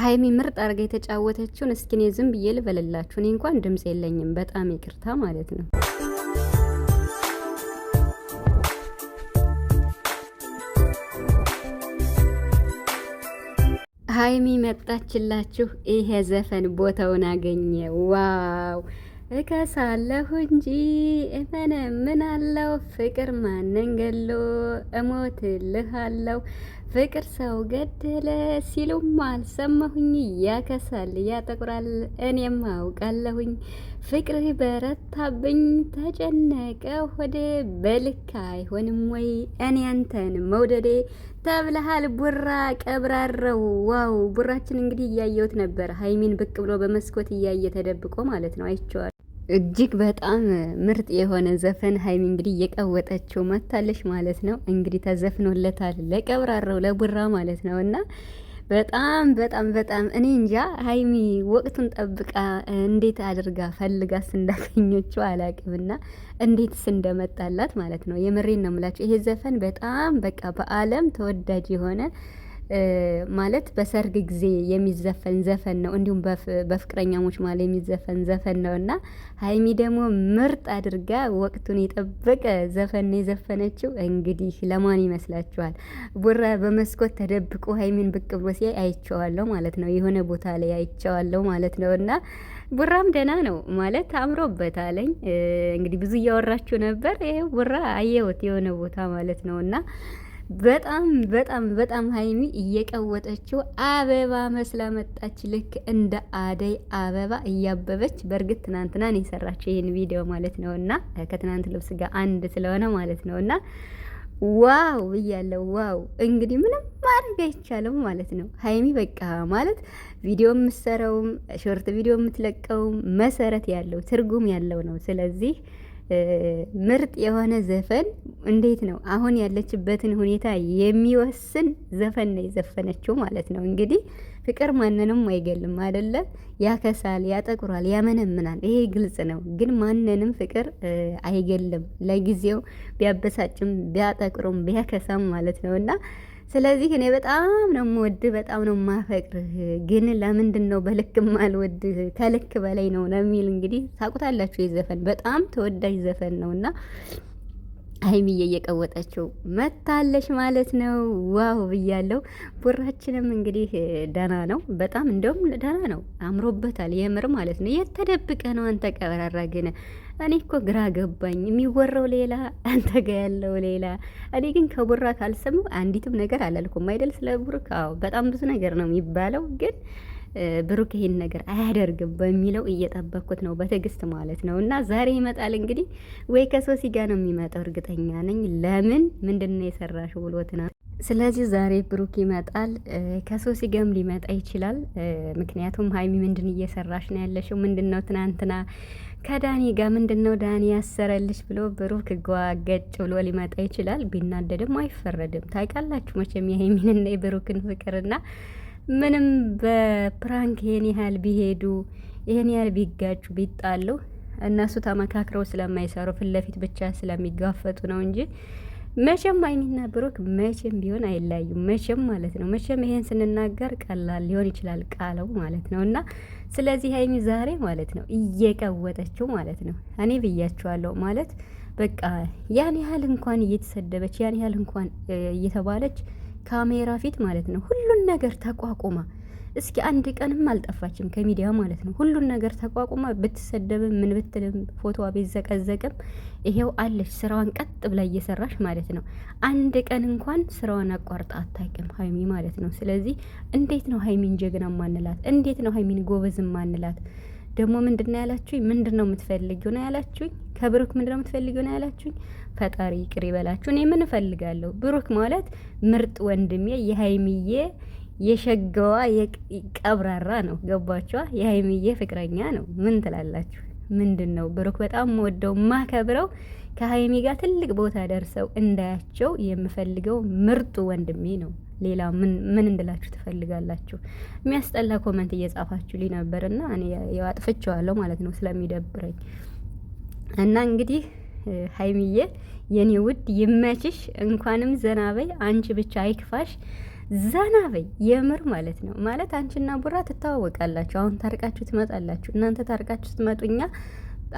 ሀይሚ ምርጥ አርጋ የተጫወተችውን እስኪኔ ዝም ብዬ ልበልላችሁ። እኔ እንኳን ድምፅ የለኝም፣ በጣም ይቅርታ ማለት ነው። ሀይሚ መጣችላችሁ። ይሄ ዘፈን ቦታውን አገኘ። ዋው እከሳለሁ እንጂ አለው ፍቅር ማንን ገሎ አለው ፍቅር ሰው ገደለ ሲሉም አልሰማሁኝ ያከሳል ያጠቁራል እኔም አውቃለሁኝ ፍቅር በረታብኝ ተጨነቀ ሆዴ በልክ አይሆንም ወይ እኔ አንተን መውደዴ ተብለሃል ቡራ ቀብራረው ዋው ቡራችን እንግዲህ እያየሁት ነበር ሀይሚን ብቅ ብሎ በመስኮት እያየ ተደብቆ ማለት ነው አይቼዋለሁ እጅግ በጣም ምርጥ የሆነ ዘፈን ሀይሚ እንግዲህ እየቀወጠችው መታለች ማለት ነው። እንግዲህ ተዘፍኖለታል ለቀብራረው ለቡራ ማለት ነው እና በጣም በጣም በጣም እኔ እንጃ ሀይሚ ወቅቱን ጠብቃ እንዴት አድርጋ ፈልጋስ እንዳገኘችው አላቅምና እንዴትስ እንደመጣላት ማለት ነው። የምሬን ነው የምላቸው ይሄ ዘፈን በጣም በቃ በዓለም ተወዳጅ የሆነ ማለት በሰርግ ጊዜ የሚዘፈን ዘፈን ነው። እንዲሁም በፍቅረኛሞች ማለ የሚዘፈን ዘፈን ነው እና ሀይሚ ደግሞ ምርጥ አድርጋ ወቅቱን የጠበቀ ዘፈን ነው የዘፈነችው። እንግዲህ ለማን ይመስላችኋል? ቡራ በመስኮት ተደብቆ ሀይሚን ብቅ ብሎ ሲያይ አይቸዋለሁ ማለት ነው። የሆነ ቦታ ላይ አይቸዋለሁ ማለት ነው እና ቡራም ደህና ነው ማለት አለኝ። እንግዲህ ብዙ እያወራችሁ ነበር። ይሄ ቡራ አየሁት የሆነ ቦታ ማለት ነው እና በጣም በጣም በጣም ሀይሚ እየቀወጠችው አበባ መስላ መጣች። ልክ እንደ አደይ አበባ እያበበች በእርግጥ ትናንትናን የሰራችው ይህን ቪዲዮ ማለት ነው እና ከትናንት ልብስ ጋር አንድ ስለሆነ ማለት ነው እና ዋው ብያለሁ። ዋው እንግዲህ ምንም ማድረግ አይቻልም ማለት ነው። ሀይሚ በቃ ማለት ቪዲዮ የምትሰራውም ሾርት ቪዲዮ የምትለቀውም መሰረት ያለው ትርጉም ያለው ነው። ስለዚህ ምርጥ የሆነ ዘፈን እንዴት ነው አሁን ያለችበትን ሁኔታ የሚወስን ዘፈን ነው የዘፈነችው ማለት ነው። እንግዲህ ፍቅር ማንንም አይገልም አይደለ? ያከሳል፣ ያጠቁራል፣ ያመነምናል። ይሄ ግልጽ ነው። ግን ማንንም ፍቅር አይገልም። ለጊዜው ቢያበሳጭም ቢያጠቁርም ቢያከሳም ማለት ነው እና ስለዚህ እኔ በጣም ነው የምወድህ፣ በጣም ነው የማፈቅርህ። ግን ለምንድን ነው በልክም አልወድህ? ከልክ በላይ ነው ለሚል እንግዲህ ታውቁታላችሁ። የዘፈን በጣም ተወዳጅ ዘፈን ነውና ሀይሚዬ እየቀወጠችው መታለች ማለት ነው። ዋው ብያለው። ቡራችንም እንግዲህ ደህና ነው፣ በጣም እንደውም ደህና ነው፣ አምሮበታል የምር ማለት ነው። የተደብቀ ነው አንተ ቀበራራ ግን እኔ እኮ ግራ ገባኝ። የሚወራው ሌላ፣ አንተ ጋ ያለው ሌላ። እኔ ግን ከቡራ ካልሰሙ አንዲትም ነገር አላልኩም አይደል? ስለ ቡርክ በጣም ብዙ ነገር ነው የሚባለው ግን ብሩክ ይሄን ነገር አያደርግም በሚለው እየጠበኩት ነው በትዕግስት ማለት ነው። እና ዛሬ ይመጣል እንግዲህ ወይ ከሶሲ ጋር ነው የሚመጣው እርግጠኛ ነኝ። ለምን ምንድን ነው የሰራሽ ብሎት ነው። ስለዚህ ዛሬ ብሩክ ይመጣል፣ ከሶሲ ጋርም ሊመጣ ይችላል። ምክንያቱም ሀይሚ ምንድን እየሰራሽ ነው ያለሽው? ምንድን ነው ትናንትና ከዳኒ ጋር ምንድን ነው ዳኒ ያሰረልሽ ብሎ ብሩክ ጓ ገጭ ብሎ ሊመጣ ይችላል። ቢናደድም አይፈረድም። ታውቃላችሁ መቼም የሀይሚንና የብሩክን ፍቅርና ምንም በፕራንክ ይሄን ያህል ቢሄዱ ይሄን ያህል ቢጋጩ ቢጣሉ እነሱ ተመካክረው ስለማይሰሩ ፊት ለፊት ብቻ ስለሚጋፈጡ ነው እንጂ መቼም ሀይሚና ብሩክ መቼም ቢሆን አይለያዩም። መቼም ማለት ነው። መቼም ይሄን ስንናገር ቀላል ሊሆን ይችላል ቃለው ማለት ነው። እና ስለዚህ ሀይሚ ዛሬ ማለት ነው እየቀወጠችው ማለት ነው። እኔ ብያችኋለሁ ማለት በቃ ያን ያህል እንኳን እየተሰደበች ያን ያህል እንኳን እየተባለች ካሜራ ፊት ማለት ነው ሁሉን ነገር ተቋቁማ እስኪ አንድ ቀንም አልጠፋችም ከሚዲያ ማለት ነው። ሁሉን ነገር ተቋቁማ ብትሰደብም ምን ብትልም ፎቶዋ ቢዘቀዘቅም ይሄው አለች ስራዋን ቀጥ ብላ እየሰራች ማለት ነው። አንድ ቀን እንኳን ስራዋን አቋርጣ አታውቅም ሀይሚ ማለት ነው። ስለዚህ እንዴት ነው ሀይሚን ጀግና ማንላት? እንዴት ነው ሀይሚን ጎበዝ ማንላት? ደግሞ ምንድን ነው ያላችሁኝ? ምንድን ነው የምትፈልጊው ነው ያላችሁኝ? ከብሩክ ምንድን ነው የምትፈልጊው ነው ያላችሁኝ? ፈጣሪ ይቅር ይበላችሁ። እኔ ምን እፈልጋለሁ? ብሩክ ማለት ምርጥ ወንድሜ የሀይሚዬ የሸገዋ የቀብራራ ነው። ገባችኋ? የሀይሚዬ ፍቅረኛ ነው። ምን ትላላችሁ? ምንድን ነው ብሩክ በጣም ወደው ማከብረው ከሀይሚ ጋር ትልቅ ቦታ ደርሰው እንዳያቸው የምፈልገው ምርጡ ወንድሜ ነው። ሌላ ምን እንድላችሁ ትፈልጋላችሁ? የሚያስጠላ ኮመንት እየጻፋችሁ ሊ እና እኔ ያው አጥፍቼዋለሁ ማለት ነው ስለሚደብረኝ እና እንግዲህ ሀይሚዬ የኔ ውድ ይመችሽ፣ እንኳንም ዘናበይ አንቺ ብቻ አይክፋሽ። ዘና በይ የምር ማለት ነው። ማለት አንቺና ቡራ ትተዋወቃላችሁ፣ አሁን ታርቃችሁ ትመጣላችሁ። እናንተ ታርቃችሁ ስትመጡኛ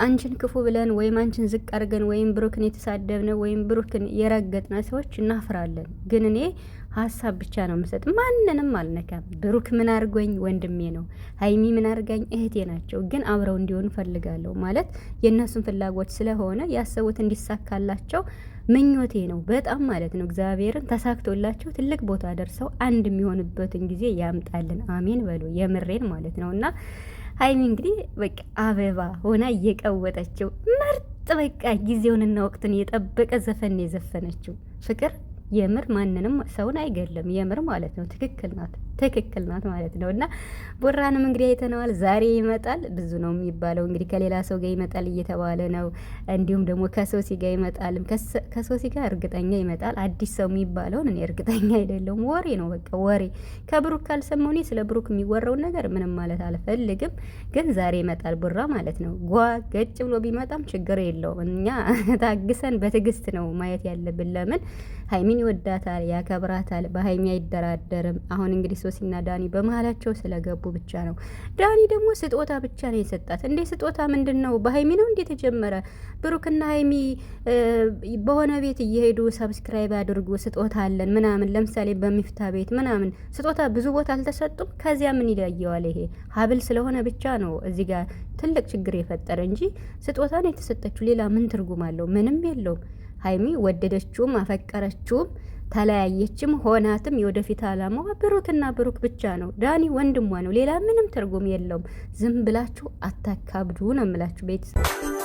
አንቺን ክፉ ብለን ወይም አንቺን ዝቅ አድርገን ወይም ብሩክን የተሳደብነ ወይም ብሩክን የረገጥነ ሰዎች እናፍራለን። ግን እኔ ሀሳብ ብቻ ነው የምሰጥ፣ ማንንም አልነካም። ብሩክ ምን አድርጎኝ ወንድሜ ነው፣ ሀይሚ ምን አድርጋኝ እህቴ ናቸው። ግን አብረው እንዲሆኑ ፈልጋለሁ ማለት የእነሱን ፍላጎት ስለሆነ ያሰቡት እንዲሳካላቸው ምኞቴ ነው። በጣም ማለት ነው እግዚአብሔርን ተሳክቶላቸው ትልቅ ቦታ ደርሰው አንድ የሚሆንበትን ጊዜ ያምጣልን። አሜን በሉ። የምሬን ማለት ነው እና ሀይሚ እንግዲህ በቃ አበባ ሆና እየቀወጠችው ምርጥ በቃ ጊዜውንና ወቅትን የጠበቀ ዘፈን የዘፈነችው ፍቅር የምር ማንንም ሰውን አይገለም። የምር ማለት ነው። ትክክል ናት፣ ትክክል ናት ማለት ነው። እና ቡራንም እንግዲህ አይተነዋል። ዛሬ ይመጣል ብዙ ነው የሚባለው እንግዲህ ከሌላ ሰው ጋር ይመጣል እየተባለ ነው። እንዲሁም ደግሞ ከሶሲ ጋር ይመጣልም። ከሶሲ ጋር እርግጠኛ ይመጣል። አዲስ ሰው የሚባለውን እኔ እርግጠኛ አይደለሁም። ወሬ ነው በቃ ወሬ። ከብሩክ ካልሰማሁ እኔ ስለ ብሩክ የሚወራውን ነገር ምንም ማለት አልፈልግም። ግን ዛሬ ይመጣል ቡራ ማለት ነው። ጓ ገጭ ብሎ ቢመጣም ችግር የለውም። እኛ ታግሰን በትዕግስት ነው ማየት ያለብን። ለምን ሀይሚ ሀይሚን ይወዳታል፣ ያከብራታል። በሀይሚ አይደራደርም። አሁን እንግዲህ ሶሲና ዳኒ በመሀላቸው ስለገቡ ብቻ ነው። ዳኒ ደግሞ ስጦታ ብቻ ነው የሰጣት። እንዴ ስጦታ ምንድን ነው? በሀይሚ ነው እንዴ ተጀመረ? ብሩክና ሀይሚ በሆነ ቤት እየሄዱ ሰብስክራይብ አድርጉ ስጦታ አለን ምናምን፣ ለምሳሌ በሚፍታ ቤት ምናምን ስጦታ ብዙ ቦታ አልተሰጡም። ከዚያ ምን ይለየዋል? ይሄ ሀብል ስለሆነ ብቻ ነው እዚህ ጋር ትልቅ ችግር የፈጠረ እንጂ ስጦታ ነው የተሰጠችው። ሌላ ምን ትርጉም አለው? ምንም የለውም። ሀይሚ ወደደችውም አፈቀረችውም ተለያየችም ሆናትም የወደፊት አላማው ብሩክና ብሩክ ብቻ ነው። ዳኒ ወንድሟ ነው። ሌላ ምንም ትርጉም የለውም። ዝም ብላችሁ አታካብዱ ነው የምላችሁ ቤተሰብ